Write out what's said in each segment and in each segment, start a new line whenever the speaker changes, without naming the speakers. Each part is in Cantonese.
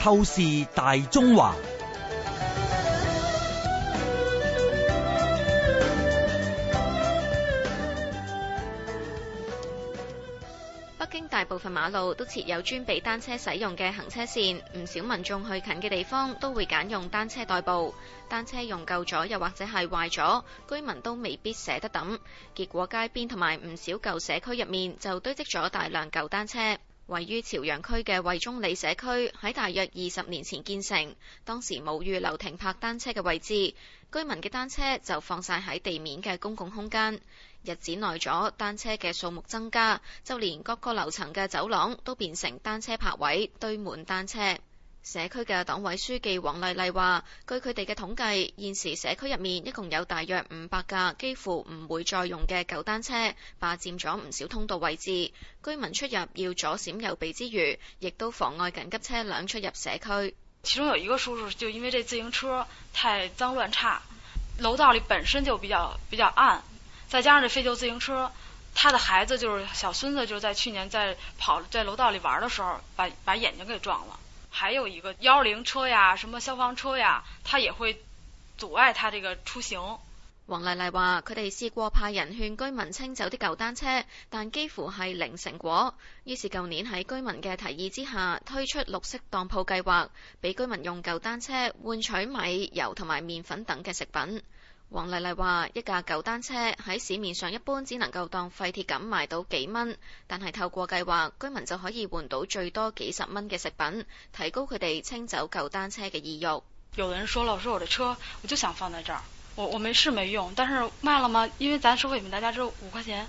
透視大中華。
北京大部分馬路都設有專俾單車使用嘅行車線，唔少民眾去近嘅地方都會揀用單車代步。單車用夠咗又或者係壞咗，居民都未必捨得揼，結果街邊同埋唔少舊社區入面就堆積咗大量舊單車。位於朝陽區嘅惠中里社區喺大約二十年前建成，當時冇預留停泊單車嘅位置，居民嘅單車就放晒喺地面嘅公共空間。日子耐咗，單車嘅數目增加，就連各個樓層嘅走廊都變成單車泊位，堆滿單車。社區嘅黨委書記黃麗麗話，據佢哋嘅統計，現時社區入面一共有大約五百架幾乎唔會再用嘅舊單車，霸佔咗唔少通道位置，居民出入要左閃右避之餘，亦都妨礙緊急車輛出入社區。
其中有一個叔叔就因為這自行車太髒亂差，樓道裏本身就比較比較暗，再加上這廢舊自行車，他的孩子就是小孫子，就在去年在跑在樓道裏玩的時候，把把眼睛給撞了。還有一個幺二零車呀，什麼消防車呀，它也會阻礙他這個出行。
黃麗麗話：佢哋試過派人勸居民清走啲舊單車，但幾乎係零成果。於是舊年喺居民嘅提議之下，推出綠色當鋪計劃，俾居民用舊單車換取米、油同埋麵粉等嘅食品。黃麗麗話，一架舊單車喺市面上一般只能夠當廢鐵咁賣到幾蚊，但係透過計劃，居民就可以換到最多幾十蚊嘅食品，提高佢哋清走
舊單車嘅意欲。有人說老師我說我的車，我就想放在這兒，我我沒事沒用，但是賣了嗎？因為咱收廢品大家就五塊錢。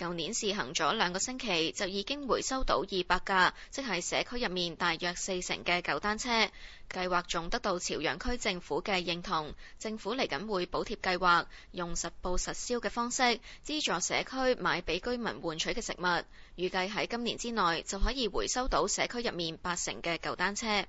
舊年試行咗兩個星期，就已經回收到二百架，即係社區入面大約四成嘅舊單車。計劃仲得到朝陽區政府嘅認同，政府嚟緊會補貼計劃，用實報實銷嘅方式，資助社區買俾居民換取嘅食物。預計喺今年之內，就可以回收到社區入面八成嘅舊單車。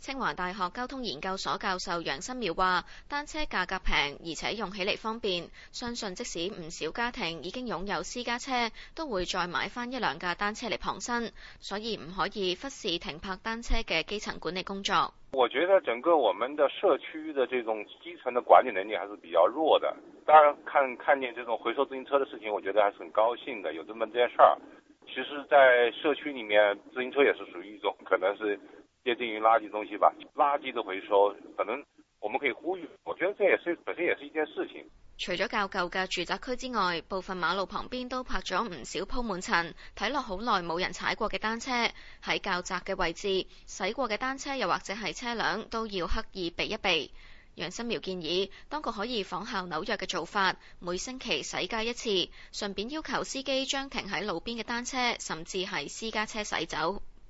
清華大學交通研究所教授楊新苗話：單車價格平，而且用起嚟方便，相信即使唔少家庭已經擁有私家車，都會再買翻一兩架單車嚟傍身，所以唔可以忽視停泊單車嘅基層管理工作。
我覺得整個我們的社區的這種基層的管理能力還是比較弱的。當然，看，看見這種回收自行車的事情，我覺得還是很高興的。有這麼件事，其實，在社區裏面，自行車也是屬於一種可能是。接近於垃圾東西吧，垃圾的回收，可能我們可以呼籲，我覺得這也是本身也是一件事情。
除咗較舊嘅住宅區之外，部分馬路旁邊都泊咗唔少鋪滿塵，睇落好耐冇人踩過嘅單車。喺較窄嘅位置，駛過嘅單車又或者係車輛都要刻意避一避。楊新苗建議，當局可以仿效紐約嘅做法，每星期洗街一次，順便要求司機將停喺路邊嘅單車甚至係私家車洗走。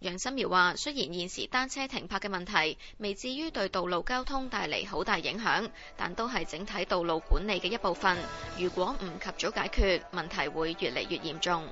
楊心苗話：雖然現時單車停泊嘅問題未至於對道路交通帶嚟好大影響，但都係整體道路管理嘅一部分。如果唔及早解決，問題會越嚟越嚴重。